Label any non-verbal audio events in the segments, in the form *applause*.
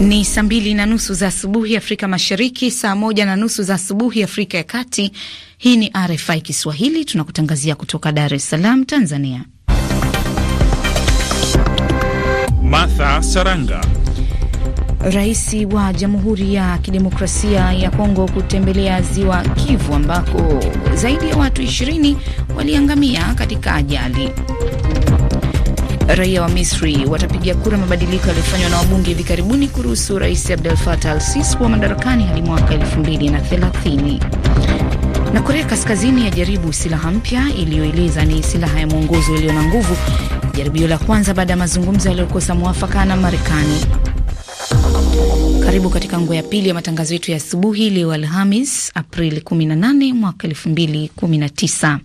Ni saa mbili na nusu za asubuhi Afrika Mashariki, saa moja na nusu za asubuhi Afrika ya Kati. Hii ni RFI Kiswahili, tunakutangazia kutoka Dar es Salaam, Tanzania. Martha Saranga. Rais wa Jamhuri ya Kidemokrasia ya Kongo kutembelea ziwa Kivu ambako zaidi ya watu 20 waliangamia katika ajali raia wa Misri watapiga kura mabadiliko yaliyofanywa na wabunge hivi karibuni kuruhusu Rais Abdel Fattah al-Sisi kuwa madarakani hadi mwaka 2030. Na Korea Kaskazini yajaribu silaha mpya iliyoeleza ni silaha ya mwongozo iliyo na nguvu, jaribio la kwanza baada ya mazungumzo yaliyokosa mwafaka na Marekani. Karibu katika nguo ya pili ya matangazo yetu ya asubuhi leo Alhamis Aprili 18 mwaka 2019.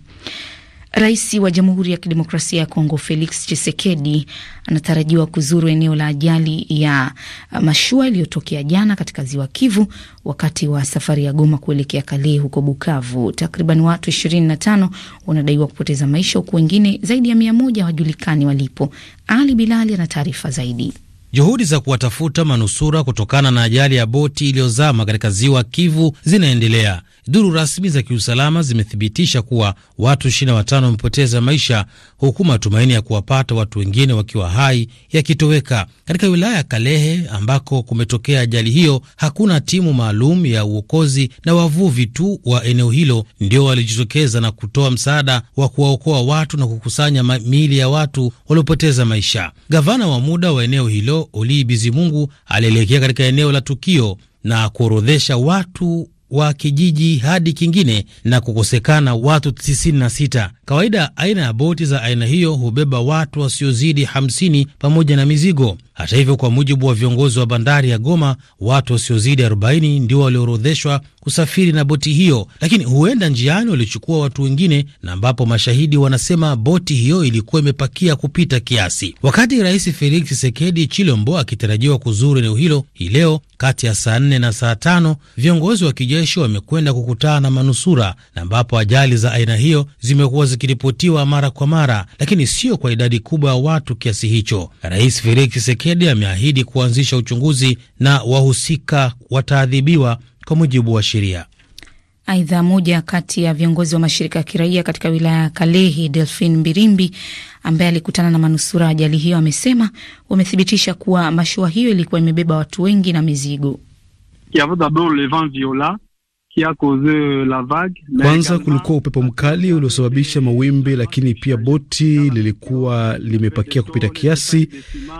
Rais wa Jamhuri ya Kidemokrasia ya Kongo Felix Tshisekedi anatarajiwa kuzuru eneo la ajali ya uh, mashua iliyotokea jana katika ziwa Kivu wakati wa safari ya Goma kuelekea Kale huko Bukavu. Takriban watu 25 wanadaiwa kupoteza maisha huku wengine zaidi ya moja hawajulikani walipo. Ali Bilali ana taarifa zaidi. Juhudi za kuwatafuta manusura kutokana na ajali ya boti iliyozama katika ziwa Kivu zinaendelea. Duru rasmi za kiusalama zimethibitisha kuwa watu 25 wamepoteza maisha huku matumaini ya kuwapata watu wengine wakiwa hai yakitoweka. Katika wilaya ya Kalehe ambako kumetokea ajali hiyo, hakuna timu maalum ya uokozi na wavuvi tu wa eneo hilo ndio walijitokeza na kutoa msaada wa kuwaokoa watu na kukusanya miili ya watu waliopoteza maisha. Gavana wa muda wa eneo hilo Olii Bizimungu alielekea katika eneo la tukio na kuorodhesha watu wa kijiji hadi kingine na kukosekana watu 96. Kawaida aina ya boti za aina hiyo hubeba watu wasiozidi 50 pamoja na mizigo. Hata hivyo, kwa mujibu wa viongozi wa bandari ya Goma, watu wasiozidi 40 ndio walioorodheshwa kusafiri na boti hiyo, lakini huenda njiani walichukua watu wengine, na ambapo mashahidi wanasema boti hiyo ilikuwa imepakia kupita kiasi. Wakati Rais Felix Tshisekedi Chilombo akitarajiwa kuzuru eneo hilo hii leo kati ya saa 4 na saa 5, viongozi wa kijeshi wamekwenda kukutana na manusura, na ambapo ajali za aina hiyo zimekuwa zikiripotiwa mara kwa mara, lakini sio kwa idadi kubwa ya watu kiasi hicho. Rais Felix Chisekedi ameahidi kuanzisha uchunguzi na wahusika wataadhibiwa kwa mujibu wa sheria. Aidha, moja kati ya viongozi wa mashirika ya kiraia katika wilaya ya Kalehi, Delfin Mbirimbi, ambaye alikutana na manusura ajali hiyo, amesema wamethibitisha kuwa mashua hiyo ilikuwa imebeba watu wengi na mizigo. Kwanza kulikuwa upepo mkali uliosababisha mawimbi, lakini pia boti lilikuwa limepakia kupita kiasi.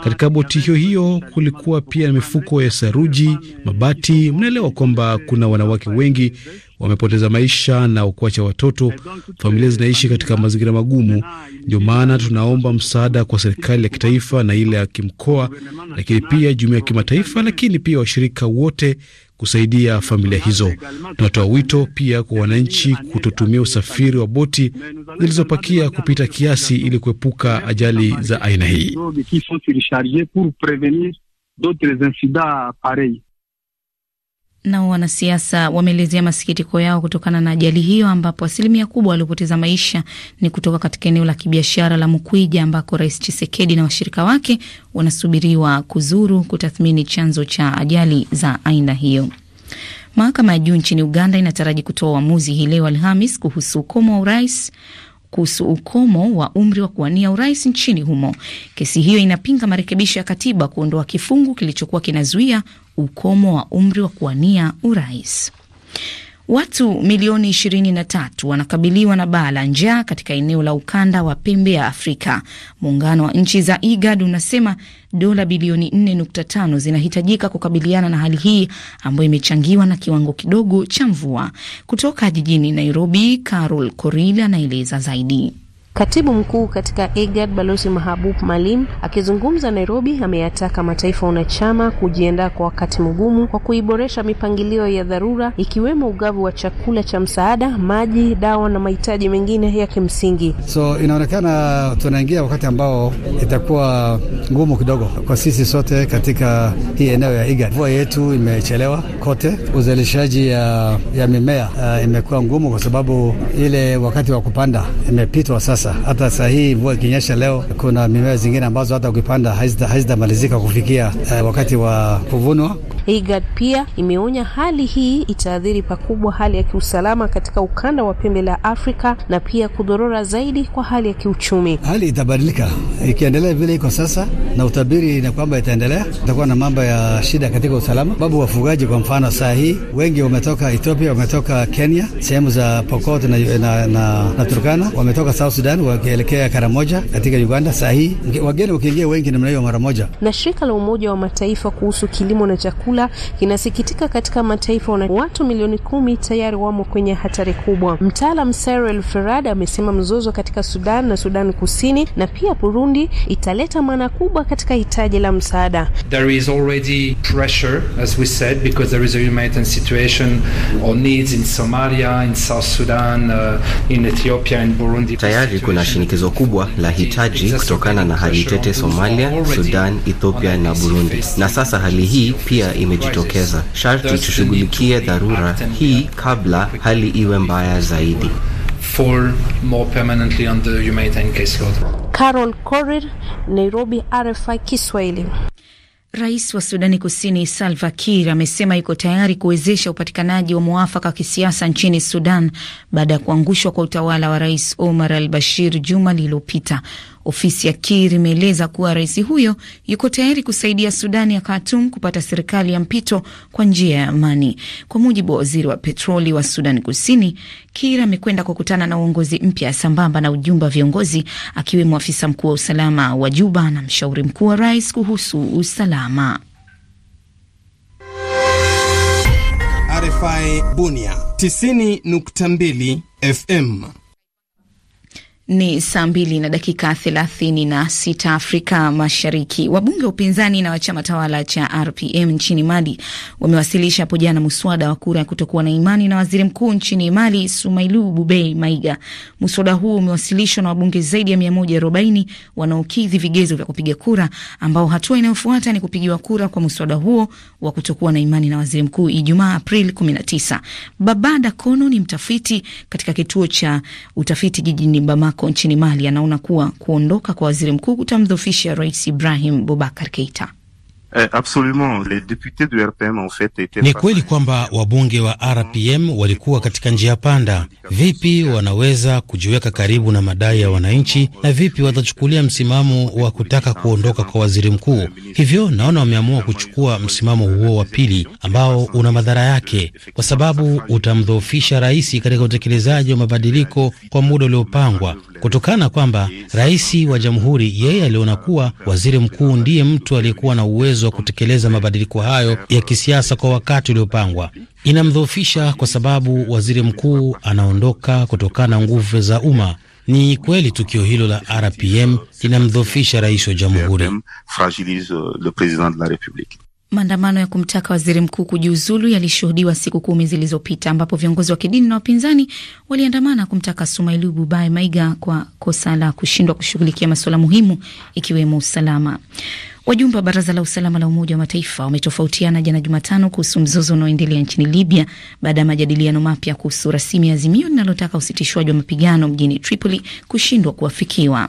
Katika boti hiyo hiyo kulikuwa pia na mifuko ya saruji, mabati. Mnaelewa kwamba kuna wanawake wengi wamepoteza maisha na kuacha watoto. Familia zinaishi katika mazingira magumu, ndio maana tunaomba msaada kwa serikali ya kitaifa na ile ya kimkoa, lakini pia jumuiya ya kimataifa, lakini pia washirika wote kusaidia familia hizo. Tunatoa wito pia kwa wananchi kutotumia usafiri wa boti zilizopakia kupita kiasi ili kuepuka ajali za aina hii. Nao wanasiasa wameelezea masikitiko yao kutokana na ajali hiyo, ambapo asilimia kubwa waliopoteza maisha ni kutoka katika eneo la kibiashara la Mkwija, ambako Rais Chisekedi na washirika wake wanasubiriwa kuzuru kutathmini chanzo cha ajali za aina hiyo. Mahakama ya juu nchini Uganda inataraji kutoa uamuzi hii leo Alhamis kuhusu ukomo wa urais kuhusu ukomo wa umri wa kuwania urais nchini humo. Kesi hiyo inapinga marekebisho ya katiba kuondoa kifungu kilichokuwa kinazuia ukomo wa umri wa kuwania urais. Watu milioni 23 wanakabiliwa na baa la njaa katika eneo la ukanda wa pembe ya Afrika. Muungano wa nchi za IGAD unasema dola bilioni 4.5 zinahitajika kukabiliana na hali hii ambayo imechangiwa na kiwango kidogo cha mvua. Kutoka jijini Nairobi, Carol Korila anaeleza zaidi. Katibu mkuu katika IGAD Balozi Mahabub Malim akizungumza Nairobi ameyataka mataifa wanachama kujiandaa kwa wakati mgumu kwa kuiboresha mipangilio ya dharura ikiwemo ugavu wa chakula cha msaada, maji, dawa na mahitaji mengine ya kimsingi. So inaonekana tunaingia wakati ambao itakuwa ngumu kidogo kwa sisi sote katika hii eneo ya IGAD. Mvua yetu imechelewa kote, uzalishaji ya, ya mimea uh, imekuwa ngumu kwa sababu ile wakati wa kupanda imepitwa sasa sasa. Hata saa hii mvua ikinyesha leo, kuna mimea zingine ambazo hata ukipanda hazitamalizika kufikia eh, wakati wa kuvunwa. IGAD pia imeonya hali hii itaathiri pakubwa hali ya kiusalama katika ukanda wa pembe la Afrika na pia kudorora zaidi kwa hali ya kiuchumi. Hali itabadilika ikiendelea vile iko sasa, na utabiri na kwamba itaendelea, itakuwa na mambo ya shida katika usalama, sababu wafugaji kwa mfano saa hii wengi wametoka Ethiopia, wametoka Kenya, sehemu za Pokot na, na, na, na Turkana, wametoka South Sudan wakielekea Karamoja katika Uganda. Saa hii wageni wakiingia wengi namna hiyo mara moja. Na shirika la Umoja wa Mataifa kuhusu kilimo na chakula chakula kinasikitika katika mataifa na watu milioni kumi tayari wamo kwenye hatari kubwa. Mtaalam Cyril ferad amesema mzozo katika Sudan na Sudan Kusini na pia Burundi italeta maana kubwa katika hitaji la msaada. There is already pressure as we said because there is a humanitarian situation or needs in Somalia, in South Sudan, uh, in Ethiopia and Burundi. Tayari kuna shinikizo kubwa la hitaji kutokana na hali tete Somalia, Sudan, Ethiopia na Burundi. Na sasa hali hii pia imejitokeza. Sharti tushughulikie dharura hii kabla hali iwe mbaya zaidi. Carol Korir, Nairobi, RFI Kiswahili. Rais wa Sudani Kusini Salva Kiir amesema yuko tayari kuwezesha upatikanaji wa mwafaka wa kisiasa nchini Sudan baada ya kuangushwa kwa utawala wa Rais Omar al Bashir juma lililopita. Ofisi ya Kir imeeleza kuwa rais huyo yuko tayari kusaidia Sudani ya Khartoum kupata serikali ya mpito kwa njia ya amani. Kwa mujibu wa waziri wa petroli wa sudani Kusini, Kir amekwenda kukutana na uongozi mpya sambamba na ujumbe wa viongozi, akiwemo afisa mkuu wa usalama wa Juba na mshauri mkuu wa rais kuhusu usalama. RFI Bunia 90.2 FM ni saa mbili na dakika thelathini na sita Afrika Mashariki. Wabunge wa upinzani na wa chama tawala cha RPM nchini Mali wamewasilisha hapo jana muswada wa kura ya kutokuwa na imani na waziri mkuu nchini Mali, Sumailu Bubei Maiga. Muswada huo umewasilishwa na wabunge zaidi ya mia moja arobaini wanaokidhi vigezo vya kupiga kura, ambao hatua inayofuata ni kupigiwa kura kwa muswada huo wa kutokuwa na imani na waziri mkuu Ijumaa, Aprili kumi na tisa. Babada Kono ni mtafiti katika kituo cha utafiti jijini Bamako Monaco nchini Mali anaona kuwa kuondoka kwa waziri mkuu kutamdhofisha Rais Ibrahim bubakar Keita. Eh, absolument, les députés du RPM en fait étaient. Ni kweli kwamba wabunge wa RPM walikuwa katika njia panda. Vipi wanaweza kujiweka karibu na madai ya wananchi, na vipi watachukulia msimamo wa kutaka kuondoka kwa waziri mkuu? Eh, Hivyo naona wameamua kuchukua msimamo huo wa pili, ambao una madhara yake, kwa sababu utamdhoofisha rais katika utekelezaji wa mabadiliko kwa muda uliopangwa, kutokana kwamba rais wa jamhuri yeye aliona kuwa waziri mkuu ndiye mtu aliyekuwa na uwezo uwezo wa kutekeleza mabadiliko hayo ya kisiasa kwa wakati uliopangwa. Inamdhoofisha kwa sababu waziri mkuu anaondoka kutokana na nguvu za umma. Ni kweli tukio hilo la RPM linamdhoofisha rais wa jamhuri. Maandamano ya kumtaka waziri mkuu kujiuzulu yalishuhudiwa siku kumi zilizopita ambapo viongozi wa kidini na wapinzani waliandamana kumtaka Sumailu Bubai Maiga kwa kosa la kushindwa kushughulikia masuala muhimu ikiwemo usalama. Wajumbe wa baraza la usalama la Umoja wa Mataifa wametofautiana jana Jumatano kuhusu mzozo unaoendelea nchini Libya baada ya majadiliano mapya kuhusu rasimu ya azimio linalotaka usitishwaji wa mapigano mjini Tripoli kushindwa kuafikiwa.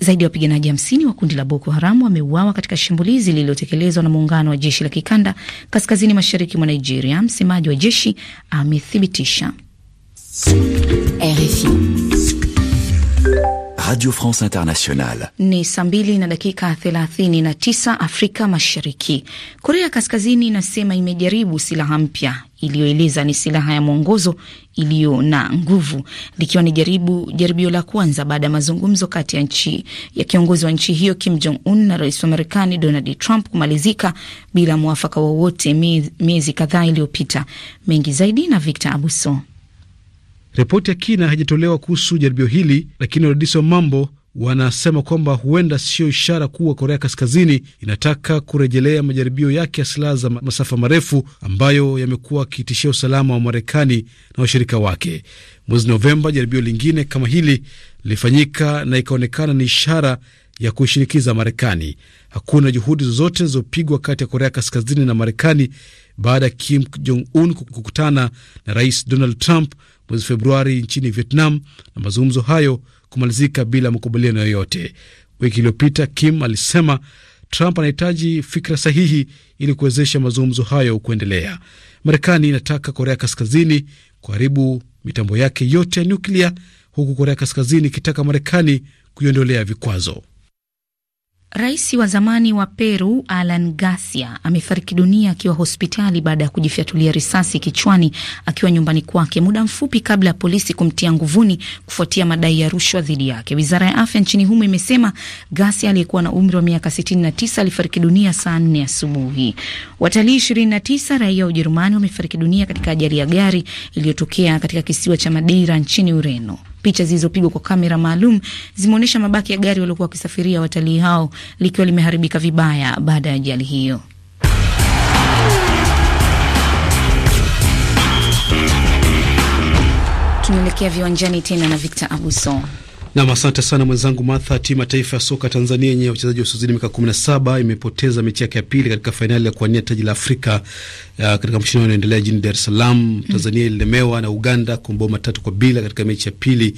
Zaidi ya wapiganaji hamsini wa kundi la Boko Haram wameuawa katika shambulizi lililotekelezwa na muungano wa jeshi la kikanda kaskazini mashariki mwa Nigeria. Msemaji wa jeshi amethibitisha RFI. Radio France Internationale. Ni saa mbili na dakika 39 Afrika Mashariki. Korea Kaskazini inasema imejaribu silaha mpya iliyoeleza ni silaha ya mwongozo iliyo na nguvu, likiwa ni jaribu jaribio la kwanza baada ya mazungumzo kati ya nchi ya kiongozi wa nchi hiyo Kim Jong Un na rais wa Marekani Donald Trump kumalizika bila mwafaka wowote miezi kadhaa iliyopita. Mengi zaidi na Victor Abuso. Ripoti ya kina haijatolewa kuhusu jaribio hili, lakini wadadisi wa mambo wanasema kwamba huenda sio ishara kuwa Korea Kaskazini inataka kurejelea majaribio yake ya silaha za masafa marefu ambayo yamekuwa akitishia usalama wa Marekani na washirika wake. Mwezi Novemba, jaribio lingine kama hili lilifanyika na ikaonekana ni ishara ya kuishinikiza Marekani. Hakuna juhudi zozote zilizopigwa kati ya Korea Kaskazini na Marekani baada ya Kim Jong Un kukutana na Rais Donald Trump mwezi Februari nchini Vietnam na mazungumzo hayo kumalizika bila makubaliano yoyote. Wiki iliyopita Kim alisema Trump anahitaji fikra sahihi ili kuwezesha mazungumzo hayo kuendelea. Marekani inataka Korea Kaskazini kuharibu mitambo yake yote ya nyuklia, huku Korea Kaskazini ikitaka Marekani kuiondolea vikwazo. Rais wa zamani wa Peru Alan Garcia amefariki dunia akiwa hospitali baada ya kujifyatulia risasi kichwani akiwa nyumbani kwake muda mfupi kabla ya polisi kumtia nguvuni kufuatia madai ya rushwa dhidi yake. Wizara ya afya nchini humo imesema Garcia aliyekuwa na umri wa miaka 69 alifariki dunia saa 4 asubuhi. Watalii 29 raia wa Ujerumani wamefariki dunia katika ajali ya gari iliyotokea katika kisiwa cha Madeira nchini Ureno. Picha zilizopigwa kwa kamera maalum zimeonyesha mabaki ya gari waliokuwa wakisafiria watalii hao likiwa limeharibika vibaya baada ya ajali hiyo. Tunaelekea viwanjani tena na Victor Abuso. Nam, asante sana mwenzangu Martha. Timu ya taifa ya soka Tanzania yenye wachezaji wasiozidi miaka 17 imepoteza mechi yake ya pili katika fainali ya kuwania taji la Afrika ya uh, katika mashindano yanayoendelea jijini Dar es Salaam mm. Tanzania ililemewa na Uganda kwa mabao matatu kwa bila katika mechi ya pili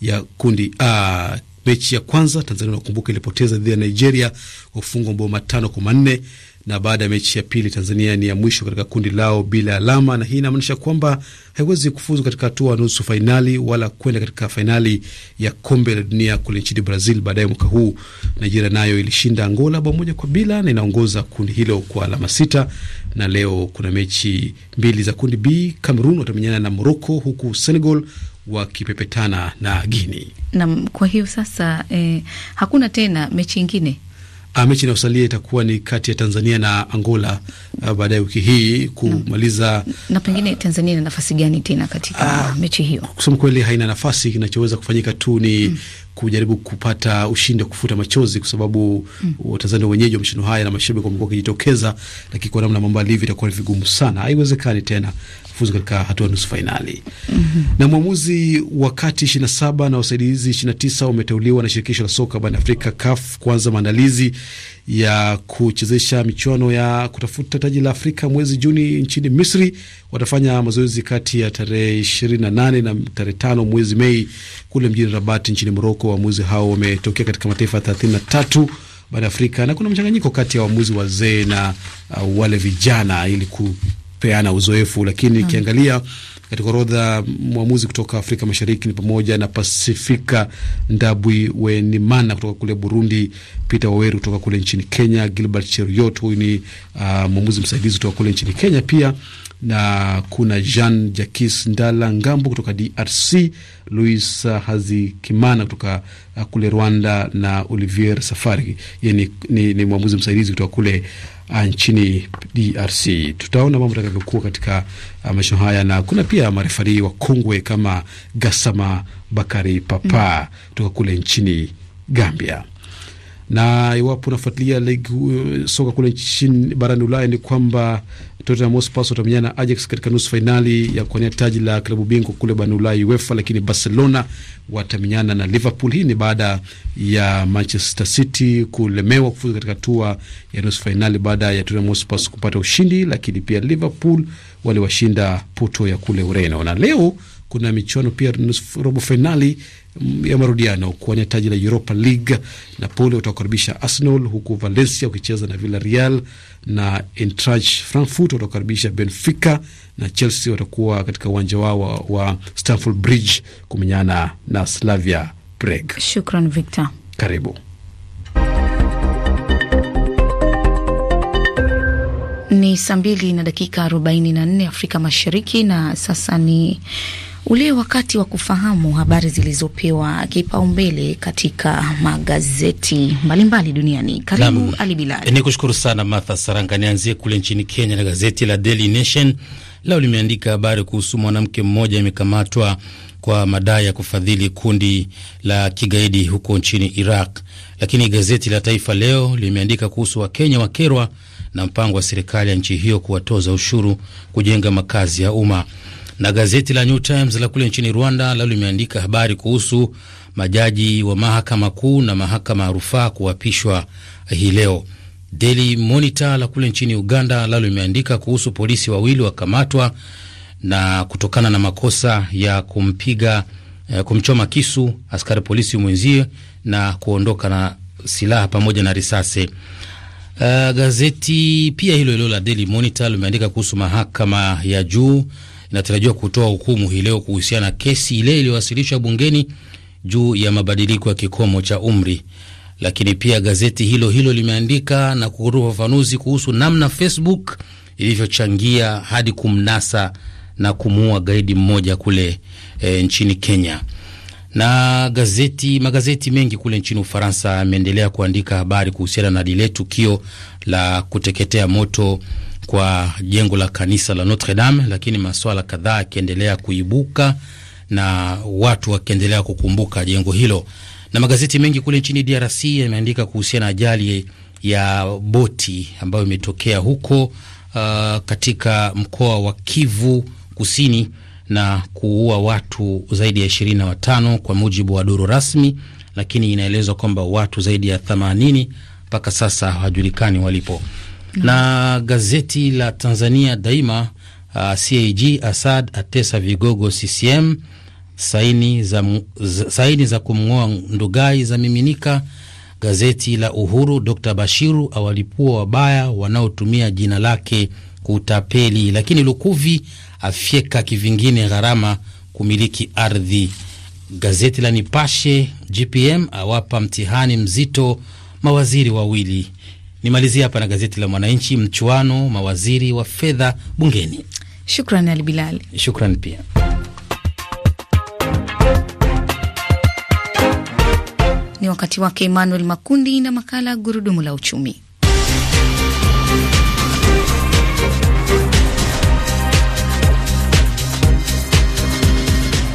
ya kundi A. Mechi ya kwanza Tanzania nakumbuka ilipoteza dhidi ya Nigeria kwa kufungwa mabao matano kwa manne, na baada ya mechi ya pili Tanzania ni ya mwisho katika kundi lao bila alama, na hii inamaanisha kwamba haiwezi kufuzu katika hatua nusu fainali wala kwenda katika fainali ya kombe la dunia kule nchini Brazil baadaye mwaka huu. Nigeria nayo ilishinda Angola bao moja kwa bila na inaongoza kundi hilo kwa alama sita, na leo kuna mechi mbili za kundi B. Cameroon watamenyana na Morocco huku Senegal wakipepetana na Gini. Naam, kwa hiyo sasa eh, hakuna tena mechi ingine A, ah, mechi inayosalia itakuwa ni kati ya Tanzania na Angola ah, baada ya wiki hii kumaliza. Na pengine Tanzania ina nafasi gani tena katika ah, mechi hiyo? Kusema kweli, haina nafasi. Kinachoweza kufanyika tu ni mm kujaribu kupata ushindi wa kufuta machozi, kwa sababu mm. Watanzania wenyeji wa mashindano haya na mashabiki wamekuwa wakijitokeza, lakini kwa namna mambo alivyo itakuwa ni vigumu sana, haiwezekani tena kufuzu katika hatua nusu fainali. mm -hmm. Na mwamuzi kati 27 na wasaidizi 29 wameteuliwa na shirikisho la soka barani Afrika CAF kuanza maandalizi ya kuchezesha michuano ya kutafuta taji la Afrika mwezi Juni nchini Misri. Watafanya mazoezi kati ya tarehe 28 na tarehe 5 mwezi Mei kule mjini Rabat nchini Moroko kuwa waamuzi hao wametokea katika mataifa 33 barani Afrika na kuna mchanganyiko kati ya waamuzi wazee na uh, wale vijana ili kupeana uzoefu, lakini ikiangalia hmm. Katika orodha mwamuzi kutoka Afrika Mashariki ni pamoja na Pasifika Ndabwi Wenimana kutoka kule Burundi, Peter Waweru kutoka kule nchini Kenya, Gilbert Cheriot, huyu ni uh, mwamuzi msaidizi kutoka kule nchini Kenya, pia na kuna Jean Jakis Ndala Ngambo kutoka DRC, Louis Hazikimana kutoka uh, kule Rwanda na Olivier Safari ye ni, ni, ni mwamuzi msaidizi kutoka kule uh, nchini DRC. Tutaona mambo takavyokuwa katika uh, mashindano haya, na kuna pia wa kongwe kama Gasama Bakari Papa mm. kutoka mm, kule nchini Gambia na iwapo unafuatilia ligi uh, soka kule nchini barani Ulaya ni kwamba Tottenham Hotspur watamenyana na Ajax katika nusu fainali ya kuwania taji la klabu bingwa kule barani Ulaya UEFA, lakini Barcelona watamenyana na Liverpool. Hii ni baada ya Manchester City kulemewa kufuzu katika hatua ya nusu fainali baada ya Tottenham Hotspur kupata ushindi, lakini pia Liverpool waliwashinda Porto ya kule Ureno. Na leo kuna michuano pia nusu robo fainali ya marudiano kuwania taji la Europa League. Napoli watakaribisha Arsenal, huku Valencia wakicheza na Villarreal na Eintracht Frankfurt watakaribisha Benfica na Chelsea watakuwa katika uwanja wao wa, wa Stamford Bridge kumenyana na Slavia Prague. Shukran Victor, karibu ni saa mbili na dakika arobaini na nne Afrika Mashariki, na sasa ni Ule wakati wa kufahamu habari zilizopewa kipaumbele katika magazeti mbalimbali duniani. Karibu Ali Bilali. Eh, Ni kushukuru sana Martha Saranga. Nianzie kule nchini Kenya na gazeti la Daily Nation lao limeandika habari kuhusu mwanamke mmoja amekamatwa kwa madai ya kufadhili kundi la kigaidi huko nchini Iraq. Lakini gazeti la Taifa Leo limeandika kuhusu Wakenya wakerwa na mpango wa serikali ya nchi hiyo kuwatoza ushuru kujenga makazi ya umma. Na gazeti la New Times la kule nchini Rwanda lao limeandika habari kuhusu majaji wa mahakama kuu na mahakama ya rufaa kuapishwa hii leo. Daily Monitor la kule nchini Uganda lao limeandika kuhusu polisi wawili wakamatwa na kutokana na makosa ya kumpiga eh, kumchoma kisu askari polisi mwenzie na kuondoka na silaha pamoja na risasi. Uh, gazeti pia hilo hilo la Daily Monitor limeandika kuhusu mahakama ya juu inatarajiwa kutoa hukumu hii leo kuhusiana na kesi ile iliyowasilishwa bungeni juu ya mabadiliko ya kikomo cha umri. Lakini pia gazeti hilo hilo limeandika na kutoa ufafanuzi kuhusu namna Facebook ilivyochangia hadi kumnasa na kumuua gaidi mmoja kule e, nchini Kenya. Na gazeti magazeti mengi kule nchini Ufaransa yameendelea kuandika habari kuhusiana na lile tukio la kuteketea moto kwa jengo la kanisa la Notre Dame, lakini masuala kadhaa yakiendelea kuibuka na watu wakiendelea kukumbuka jengo hilo. Na magazeti mengi kule nchini DRC yameandika kuhusiana na ajali ya boti ambayo imetokea huko uh, katika mkoa wa Kivu Kusini na kuua watu zaidi ya ishirini na watano kwa mujibu wa duru rasmi, lakini inaelezwa kwamba watu zaidi ya themanini mpaka sasa hawajulikani walipo. Mm-hmm. Na gazeti la Tanzania Daima, uh, CAG Assad atesa vigogo CCM, saini za, za, saini za kumng'oa Ndugai za miminika. Gazeti la Uhuru, Dr Bashiru awalipua wabaya wanaotumia jina lake kutapeli. Lakini Lukuvi afyeka kivingine gharama kumiliki ardhi. Gazeti la Nipashe, GPM awapa mtihani mzito mawaziri wawili nimalizie hapa na gazeti la Mwananchi, mchuano mawaziri wa fedha bungeni. Shukran Albilali. Shukran pia ni wakati wake Emmanuel Makundi na makala gurudumu la uchumi.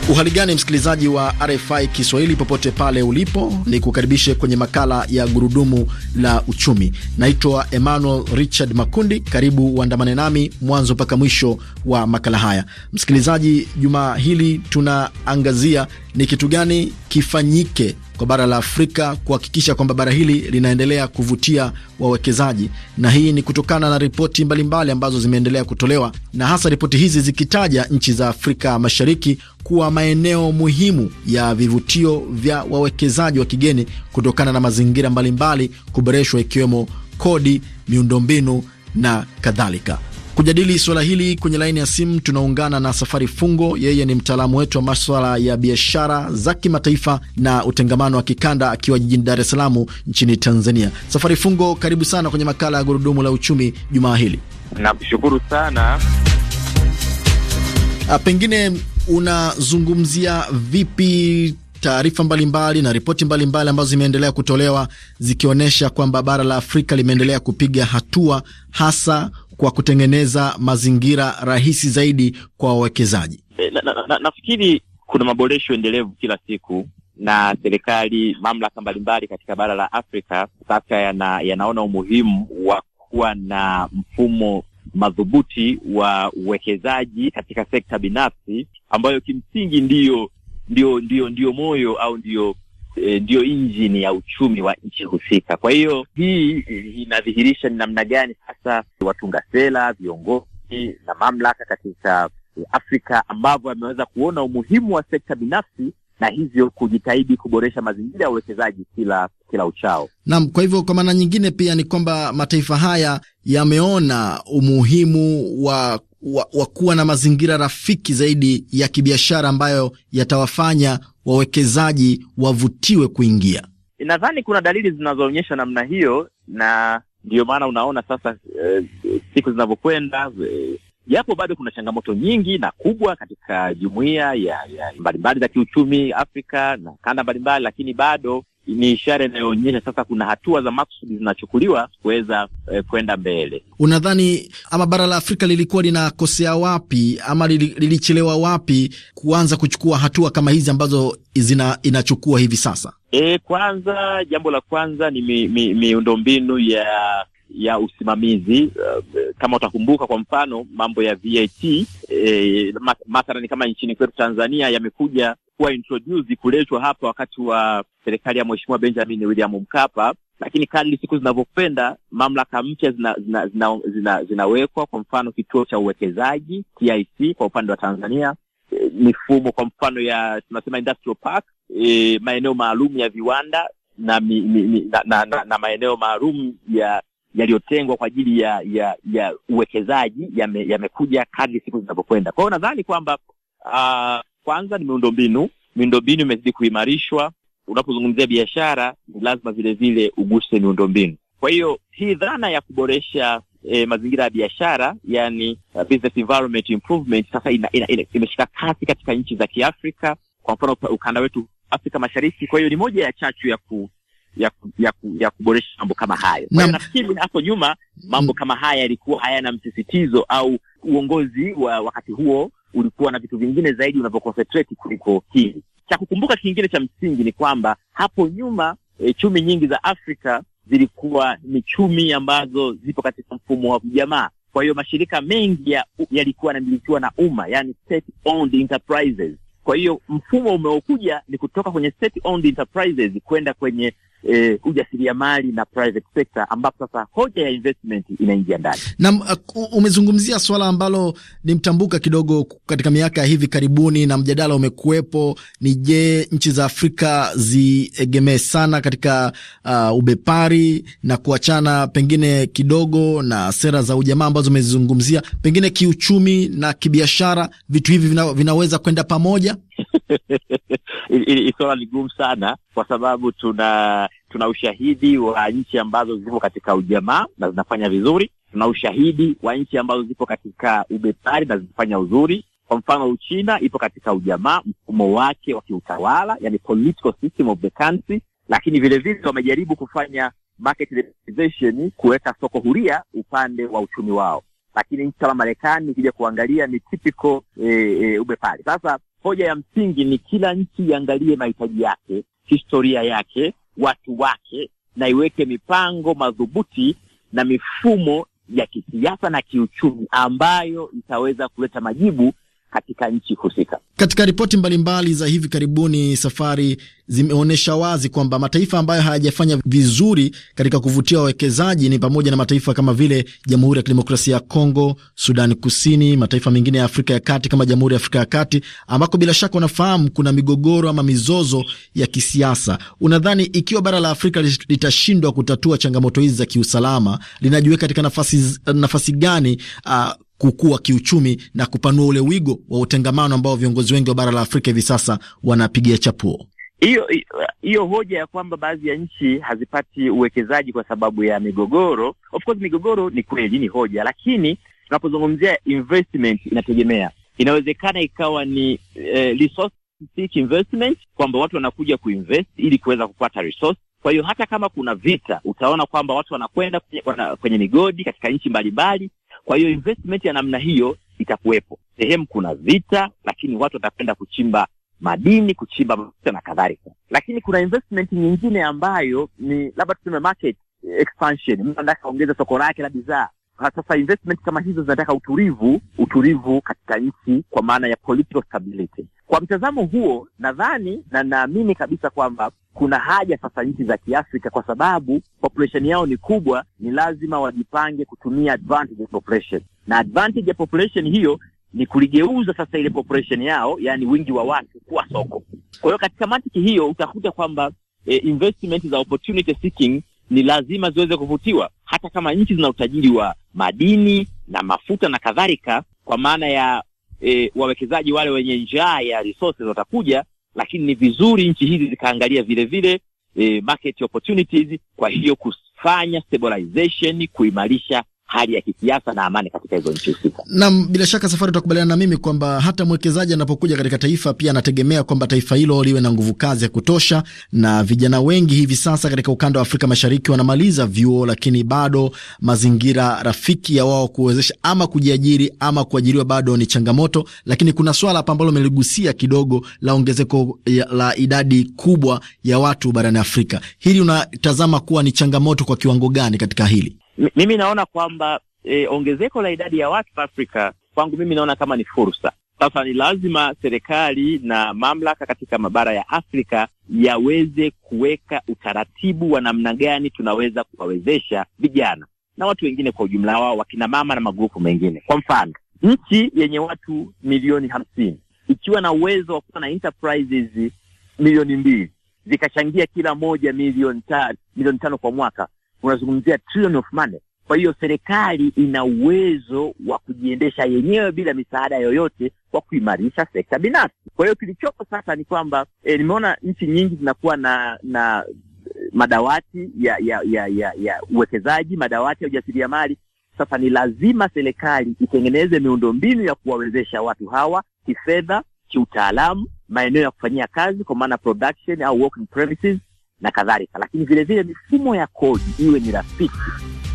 Uhali gani msikilizaji wa RFI Kiswahili popote pale ulipo, ni kukaribishe kwenye makala ya gurudumu la uchumi. Naitwa Emmanuel Richard Makundi. Karibu uandamane nami mwanzo mpaka mwisho wa makala haya. Msikilizaji, jumaa hili tunaangazia ni kitu gani kifanyike kwa bara la Afrika kuhakikisha kwamba bara hili linaendelea kuvutia wawekezaji, na hii ni kutokana na ripoti mbalimbali ambazo zimeendelea kutolewa, na hasa ripoti hizi zikitaja nchi za Afrika Mashariki kuwa maeneo muhimu ya vivutio vya wawekezaji wa kigeni kutokana na mazingira mbalimbali kuboreshwa, ikiwemo kodi, miundombinu na kadhalika. Kujadili suala hili kwenye laini ya simu tunaungana na Safari Fungo. Yeye ni mtaalamu wetu wa maswala ya biashara za kimataifa na utengamano wa kikanda, akiwa jijini Dar es Salaam nchini Tanzania. Safari Fungo, karibu sana kwenye makala ya Gurudumu la Uchumi jumaa hili. Nakushukuru sana. A, ah, pengine unazungumzia vipi taarifa mbalimbali na ripoti mbalimbali ambazo zimeendelea kutolewa zikionyesha kwamba bara la Afrika limeendelea kupiga hatua hasa kwa kutengeneza mazingira rahisi zaidi kwa wawekezaji? E, na, na, na, kuna maboresho endelevu kila siku na serikali, mamlaka mbalimbali katika bara la Afrika sasa yana, yanaona umuhimu wa kuwa na mfumo madhubuti wa uwekezaji katika sekta binafsi ambayo kimsingi ndiyo ndio ndio ndio moyo au ndio Eh, ndiyo e, injini ya uchumi wa nchi husika. Kwa hiyo hii inadhihirisha ni namna gani sasa watunga sera, viongozi na mamlaka katika Afrika ambavyo wameweza kuona umuhimu wa sekta binafsi na hivyo kujitahidi kuboresha mazingira ya uwekezaji kila kila uchao. Naam, kwa hivyo kwa maana nyingine pia ni kwamba mataifa haya yameona umuhimu wa wa, wa kuwa na mazingira rafiki zaidi ya kibiashara ambayo yatawafanya wawekezaji wavutiwe kuingia. Nadhani kuna dalili zinazoonyesha namna hiyo, na ndiyo maana unaona sasa eh, siku zinavyokwenda japo eh, japo bado kuna changamoto nyingi na kubwa katika jumuiya ya, ya mbalimbali za kiuchumi Afrika na kanda mbalimbali, lakini bado ni ishara inayoonyesha sasa kuna hatua za makusudi zinachukuliwa kuweza eh, kwenda mbele. Unadhani ama bara la Afrika lilikuwa linakosea wapi ama lilichelewa wapi kuanza kuchukua hatua kama hizi ambazo zina, inachukua hivi sasa? E, kwanza jambo la kwanza ni miundombinu mi, mi ya ya usimamizi. Eh, kama utakumbuka kwa mfano mambo ya VAT e, eh, mathalani kama nchini kwetu Tanzania yamekuja kuwa introduce kuletwa hapa wakati wa serikali ya Mheshimiwa Benjamin William Mkapa, lakini kadri siku zinavyokwenda mamlaka mpya zina, zina, zina, zina, zinawekwa. Kwa mfano kituo cha uwekezaji TIC kwa upande wa Tanzania, e, mifumo kwa mfano ya tunasema industrial park, e, maeneo maalum ya viwanda na, mi, mi, na, na, na, na maeneo maalum ya yaliyotengwa kwa ajili ya ya ya uwekezaji yamekuja me, ya kadri siku zinavyokwenda. Kwa hiyo nadhani kwamba uh, kwanza ni miundombinu, miundombinu imezidi kuimarishwa. Unapozungumzia biashara, ni lazima vile vile uguse miundombinu. Kwa hiyo hii dhana ya kuboresha E, mazingira ya biashara yani, uh, business environment improvement sasa ina, ina, ina, imeshika kasi katika nchi za Kiafrika, kwa mfano ukanda wetu Afrika Mashariki. Kwa hiyo ni moja ya chachu ya ku, ya, ku, ya, ku, ya kuboresha mambo kama hayo. Kwa hiyo nafikiri hapo nyuma mambo kama haya yalikuwa hayana msisitizo au uongozi wa wakati huo ulikuwa na vitu vingine zaidi unavyoconcentrate kuliko hili. Cha kukumbuka kingine cha msingi ni kwamba hapo nyuma e, chumi nyingi za Afrika zilikuwa ni chumi ambazo zipo katika mfumo wa ujamaa. Kwa hiyo mashirika mengi yalikuwa ya yanamilikiwa na umma, yani state owned enterprises. Kwa hiyo mfumo umeokuja ni kutoka kwenye state owned enterprises kwenda kwenye ujasiria eh, ujasiriamali na private sector, ambapo sasa hoja ya investment inaingia ndani. Na uh, umezungumzia swala ambalo ni mtambuka kidogo katika miaka ya hivi karibuni, na mjadala umekuwepo ni je, nchi za Afrika ziegemee sana katika uh, ubepari na kuachana pengine kidogo na sera za ujamaa ambazo umezizungumzia, pengine kiuchumi na kibiashara, vitu hivi vina, vinaweza kwenda pamoja. *laughs* ili ni gumu sana, kwa sababu tuna tuna ushahidi wa nchi ambazo zipo katika ujamaa na zinafanya vizuri. Tuna ushahidi wa nchi ambazo zipo katika ubepari na zinafanya uzuri. Kwa mfano, Uchina ipo katika ujamaa, mfumo wake wa kiutawala, yani political system of the country, lakini vilevile wamejaribu kufanya market liberalization, kuweka soko huria upande wa uchumi wao, lakini nchi kama Marekani ikija kuangalia ni typical e, e, ubepari. Sasa hoja ya msingi ni kila nchi iangalie mahitaji yake, historia yake, watu wake, na iweke mipango madhubuti na mifumo ya kisiasa na kiuchumi ambayo itaweza kuleta majibu katika nchi husika. Katika ripoti mbalimbali za hivi karibuni, Safari, zimeonyesha wazi kwamba mataifa ambayo hayajafanya vizuri katika kuvutia wawekezaji ni pamoja na mataifa kama vile Jamhuri ya Kidemokrasia ya Kongo, Sudani Kusini, mataifa mengine ya Afrika ya Kati kama Jamhuri ya Afrika ya Kati, ambako bila shaka unafahamu kuna migogoro ama mizozo ya kisiasa. Unadhani ikiwa bara la Afrika litashindwa kutatua changamoto hizi za kiusalama, linajiweka katika nafasi, nafasi gani uh, kukua kiuchumi na kupanua ule wigo wa utengamano ambao viongozi wengi wa bara la Afrika hivi sasa wanapigia chapuo. Hiyo hiyo hoja ya kwamba baadhi ya nchi hazipati uwekezaji kwa sababu ya migogoro, of course migogoro ni kweli, ni hoja, lakini tunapozungumzia investment inategemea, inawezekana ikawa ni eh, resource seek investment, kwamba watu wanakuja kuinvest ili kuweza kupata resource. Kwa hiyo hata kama kuna vita, utaona kwamba watu wanakwenda kwenye, kwenye migodi katika nchi mbalimbali kwa hiyo investment ya namna hiyo itakuwepo sehemu, kuna vita, lakini watu watapenda kuchimba madini, kuchimba mafuta na kadhalika. Lakini kuna investment nyingine ambayo ni labda tuseme market expansion, mtu anataka kuongeza soko lake la bidhaa, Ah, sasa investment kama hizo zinataka utulivu, utulivu katika nchi kwa maana ya political stability. Kwa mtazamo huo, nadhani na naamini kabisa kwamba kuna haja sasa nchi za Kiafrika, kwa sababu population yao ni kubwa, ni lazima wajipange kutumia advantage ya population, na advantage ya population hiyo ni kuligeuza sasa ile population yao, yaani wingi wa watu kuwa soko. Kwa hiyo katika mantiki hiyo utakuta kwamba eh, investment za opportunity seeking ni lazima ziweze kuvutiwa hata kama nchi zina utajiri wa madini na mafuta na kadhalika, kwa maana ya e, wawekezaji wale wenye njaa ya resources watakuja, lakini ni vizuri nchi hizi zikaangalia vile vile e, market opportunities, kwa hiyo kufanya stabilization, kuimarisha hali ya kisiasa na amani katika hizo nchi husika. Naam, bila shaka Safari, utakubaliana na mimi kwamba hata mwekezaji anapokuja katika taifa pia anategemea kwamba taifa hilo liwe na nguvu kazi ya kutosha, na vijana wengi hivi sasa katika ukanda wa Afrika Mashariki wanamaliza vyuo, lakini bado mazingira rafiki ya wao kuwezesha ama kujiajiri ama kuajiriwa bado ni changamoto. Lakini kuna swala hapa ambalo umeligusia kidogo la ongezeko la idadi kubwa ya watu barani Afrika, hili unatazama kuwa ni changamoto kwa kiwango gani katika hili? Mimi naona kwamba e, ongezeko la idadi ya watu Afrika kwangu mimi naona kama ni fursa. Sasa ni lazima serikali na mamlaka katika mabara ya Afrika yaweze kuweka utaratibu wa namna gani tunaweza kuwawezesha vijana na watu wengine kwa ujumla wao, wakina mama na magrupu mengine. Kwa mfano, nchi yenye watu milioni hamsini ikiwa na uwezo wa kuwa na enterprises milioni mbili zikachangia kila moja milioni tano, milioni tano kwa mwaka, unazungumzia trillion of money. Kwa hiyo serikali ina uwezo wa kujiendesha yenyewe bila misaada yoyote kwa kuimarisha sekta binafsi. Kwa hiyo kilichopo sasa ni kwamba e, nimeona nchi nyingi zinakuwa na na eh, madawati ya ya ya ya, ya uwekezaji, madawati ya ujasiriamali. Sasa ni lazima serikali itengeneze miundombinu ya kuwawezesha watu hawa kifedha, kiutaalamu, maeneo ya kufanyia kazi, kwa maana production au working premises na kadhalika, lakini vilevile mifumo ya kodi iwe ni rafiki.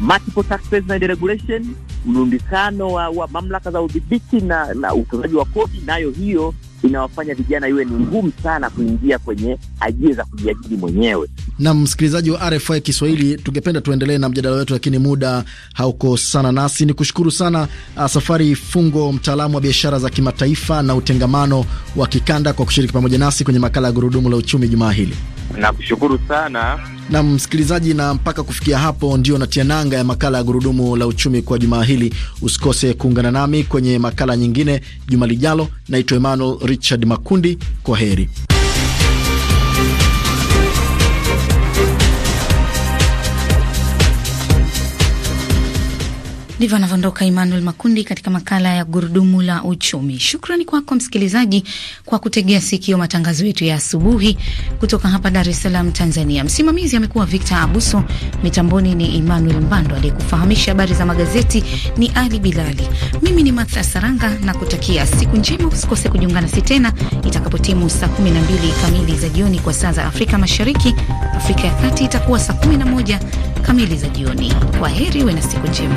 Multiple and regulation, mrundikano wa, wa mamlaka za udhibiti na, na utozaji wa kodi, nayo hiyo inawafanya vijana iwe ni ngumu sana kuingia kwenye ajira za kujiajiri mwenyewe. Na msikilizaji wa RFI Kiswahili, tungependa tuendelee na mjadala wetu, lakini muda hauko sana nasi. Ni kushukuru sana uh, Safari Fungo, mtaalamu wa biashara za kimataifa na utengamano wa kikanda, kwa kushiriki pamoja nasi kwenye makala ya Gurudumu la Uchumi jumaa hili. Nakushukuru sana na msikilizaji, na mpaka kufikia hapo ndio natia nanga ya makala ya gurudumu la uchumi kwa jumaa hili. Usikose kuungana nami kwenye makala nyingine juma lijalo. Naitwa Emmanuel Richard Makundi, kwa heri. Ndivyo anavyoondoka Emmanuel Makundi katika makala ya gurudumu la uchumi. Shukrani kwako kwa msikilizaji kwa kutegea sikio matangazo yetu ya asubuhi kutoka hapa Dar es Salaam, Tanzania. Msimamizi amekuwa Victor Abuso, mitamboni ni Emmanuel Mbando, aliyekufahamisha habari za magazeti ni Ali Bilali. Mimi ni Martha Saranga na kutakia siku njema. Usikose kujiunga nasi tena itakapotimu saa 12 kamili za jioni kwa saa za Afrika Mashariki. Afrika ya Kati itakuwa saa 11 kamili za jioni. Kwa heri, uwe na siku njema.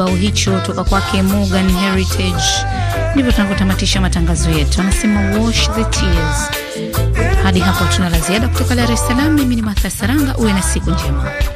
kibao hicho toka kwake Morgan Heritage. Ndivyo tunavyotamatisha matangazo yetu, anasema wash the tears. Hadi hapo tuna la ziada kutoka Dar es Salaam. Mimi ni Martha Saranga, uwe na siku njema.